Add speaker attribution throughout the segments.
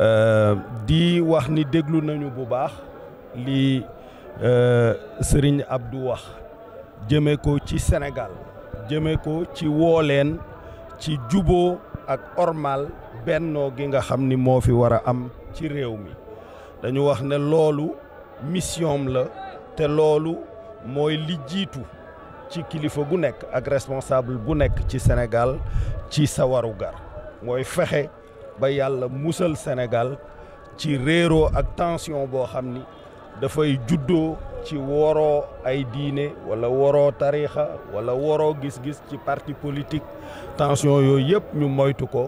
Speaker 1: Euh, di wax ni déglu nañu bu baax li euh, Serigne Abdou wax jëmee ko ci Sénégal jëmee ko ci wooleen ci jubo ak ormal bennoo gi nga xam ni moo fi war a am ci réew mi dañu wax ne loolu mission la te loolu mooy li jiitu ci kilifa gu nekk ak responsable bu nekk ci Sénégal ci sa mooy fexe ba yàlla musal senegal ci réeroo ak tension boo xam ni dafay juddoo ci woroo ay diine wala woroo tariixa wala woroo gis-gis ci parti politique tension yooyu yëpp ñu moytu ko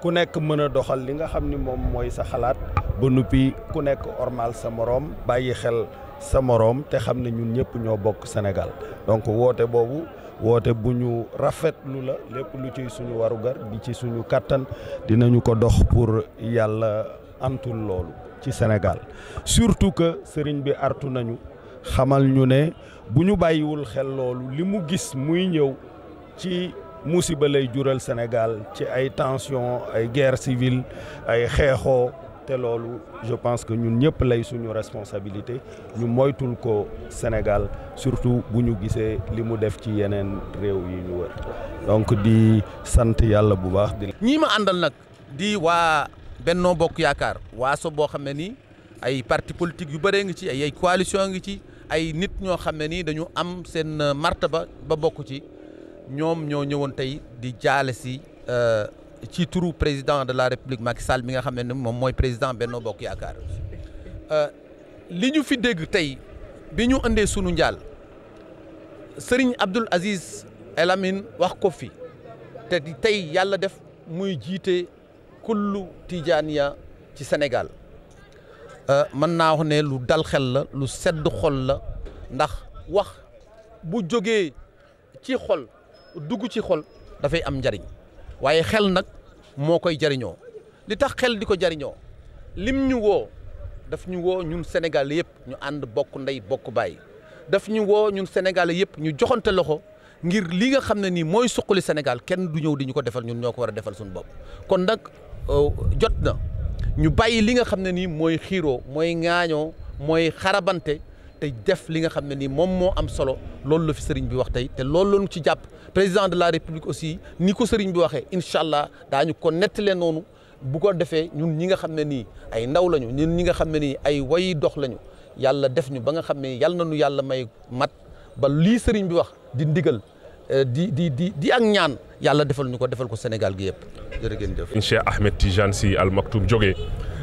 Speaker 1: ku nekk mën a doxal li nga xam ni moom mooy sa xalaat ba nuppi ku nekk ormal sa moroom bàyyi xel sa moroom te xam ne ñun ñëpp ñoo bokk Sénégal donc woote boobu woote bu ñu rafetlu la lépp lu ci suñu warugar di ci suñu kàttan dinañu ko dox pour yàlla antul loolu ci Sénégal surtout que sëriñ bi artu nañu xamal ñu ne bu ñu bàyyiwul xel loolu li mu gis muy ñëw ci musiba lay jural Sénégal ci ay tension ay ger civile ay xeexoo te loolu je pense que ñun ñëpp lay suñu responsabilité ñu moytul ko Sénégal surtout bu ñu gisee li mu def ci yeneen réew yi ñu wër donc di sant yàlla bu baax di ñii ma àndal nag di waa Benno
Speaker 2: Bokk Yaakaar waaso boo xam ne nii ay parti politique yu bëree ngi ci ay ay coalition ngi ci ay nit ñoo xam ne nii dañu am seen euh, martaba ba ba bokk ci ñoom ñoo ñëwoon tey di jaale si euh, ci turu président de la république Macky Sall mi nga xam ne moom mooy président Benno Bokk Yaakaar euh, li ñu fi dégg tey bi ñu indee sunu njaal Serigne Abdoul Aziz El Amin wax ko fi te tey yàlla def muy jiite kullu tijaaniya ci Sénégal euh, mën naa wax ne lu dal xel la lu sedd xol la ndax wax bu jógee ci xol dugg ci xol dafay am njariñ waaye xel nag moo koy jariñoo li tax xel di ko jariñoo lim ñu woo daf ñu woo ñun Sénégal yëpp ñu ànd bokk ndey bokk baay daf ñu woo ñun Sénégal yëpp ñu joxante loxo ngir li nga xam ne nii mooy suqali Sénégal kenn du ñëw di ñu ko defal ñun ñoo ko war a defal suñu bopp kon nag euh, jot na ñu bàyyi li nga xam ne nii mooy xiiroo mooy ŋaañoo mooy xarabante tey def li nga xam ne nii moom moo am solo loolu la fi sëriñ bi wax tey te loolu la ñu ci jàpp président de la république aussi ni ko sëriñ bi waxee incha allah daañu ko nettalee noonu bu ko defee ñun ñi nga xam ne nii ay ndaw lañu ñi nga xam ne nii ay way dox lañu yàlla def ñu ba nga xam ne yàlla nañu yàlla may mat ba lii sëriñ bi wax di ndigal euh, di di di di ak ñaan yàlla defal ñu ko defal ko Sénégal gi yëpp jërë ngeen
Speaker 3: jëf. Cheikh Ahmed Tidiane Sy Al Maktoum jógee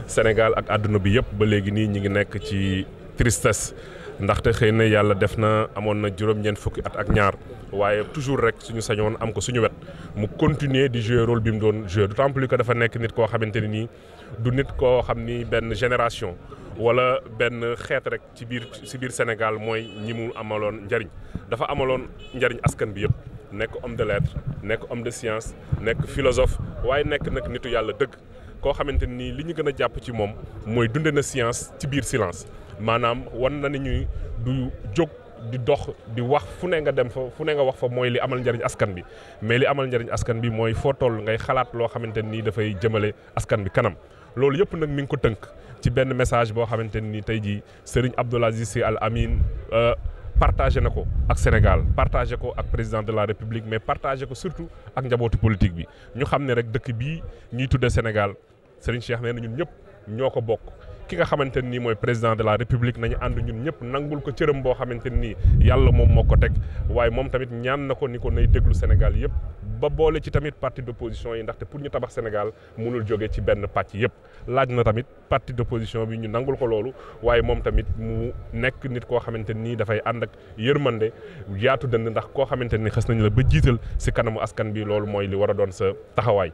Speaker 3: Sénégal ak àdduna bi yëpp ba léegi nii ñi ngi nekk ci tristesse. ndaxte xëy na yàlla def na amoon na juróom-ñeent fukki at ak ñaar waaye toujours rek suñu sañoon am ko suñu wet mu continuer di jouer rôle bi mu doon jouer d'autant plus que dafa nekk nit koo xamante ne nii du nit koo xam ni benn génération wala benn xeet rek ci biir ci biir Sénégal mooy ñi mu amaloon njariñ dafa amaloon njariñ askan bi yëpp nekk homme de lettres nekk homme de science nekk philosophe waaye nekk nag nitu yàlla dëgg koo xamante nii li ñu gën a jàpp ci moom mooy dunde na science ci biir silence maanaam wan na ni ñuy du jóg di dox di wax fu ne nga dem fa fu ne nga wax fa mooy li amal njariñ askan bi mais li amal njëriñ askan bi mooy foo toll ngay xalaat loo xamante nii dafay jëmale askan bi kanam loolu yëpp nag mi ngi ko tënk ci benn message boo xamante ni tey jii Serigne Abdoul Aziz Sy Al Amine euh, partagé na ko ak Sénégal partage ko ak président de la République mais partagé ko surtout ak njabootu politique bi ñu xam ne rek dëkk bi ñuy tuddee Sénégal Serigne Cheikh ne na ñun ñëpp ñoo ko bokk. ki nga xamante ne nii mooy président de la république nañu ànd ñun ñëpp nangul ko cëram boo xamante nii yàlla moom moo ko teg waaye moom tamit ñaan na ko ni ko nay déglu Sénégal yëpp ba boole ci tamit parti position yi ndaxte pour ñu tabax Sénégal mënul jóge ci benn pàcc yëpp laaj na tamit parti d'opposition bi ñu nangul ko loolu waaye moom tamit mu nekk nit koo xamante nii dafay ànd ak yërmande yaatu dënd ndax koo xamante ni xas nañu la ba jiital si kanamu askan bi loolu mooy li war a doon sa taxawaay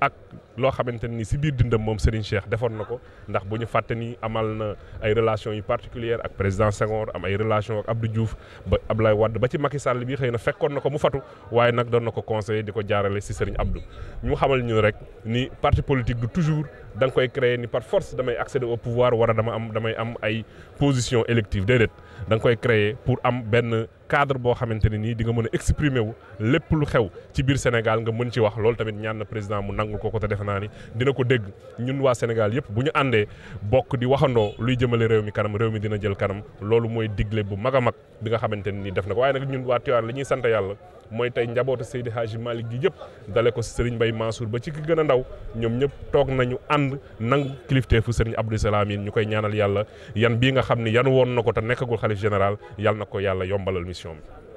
Speaker 3: ak loo xamante ni si biir dundam moom Serigne Cheikh defoon na ko ndax bu ñu fàtte ni amal na ay relation yu particulière ak président Senghor am ay relation ak Abdou Diouf ba Abdoulaye Wade ba ci Macky sàll bii xëy na fekkoon na ko mu fatu waaye nag doon na ko conseiller di ko jaarale si Serigne Abdou ñu xamal ñu rek ni parti politique du toujours danga koy créer ni par force damay accéder au pouvoir war a am damay am ay position élective déedéet da nga koy créer pour am benn cadre boo xamante ne nii di nga mën a exprimer wu lépp lu xew ci biir Sénégal nga mën ci wax loolu tamit ñaan na président mu nangul ko ko te defe naa ni dina ko dégg ñun waa Sénégal yëpp bu ñu àndee bokk di waxandoo luy jëmale réew mi kanam réew mi dina jël kanam loolu mooy digle bu mag a mag bi nga xamante ne nii def na ko waaye nag ñun waa Tivaouane la ñuy sant yàlla mooy tey njabootu Seydi Hadji Malick gi yëpp dale ko Serigne Mbaye Mansour ba ci ki gën a ndaw ñoom ñëpp toog nañu ànd nangu kilifteefu Serigne Abdou Salam ñu koy ñaanal yàlla yan bii nga xam ne yan woon na ko te nekkagul xalif général yàlla na ko yàlla yombalal mission bi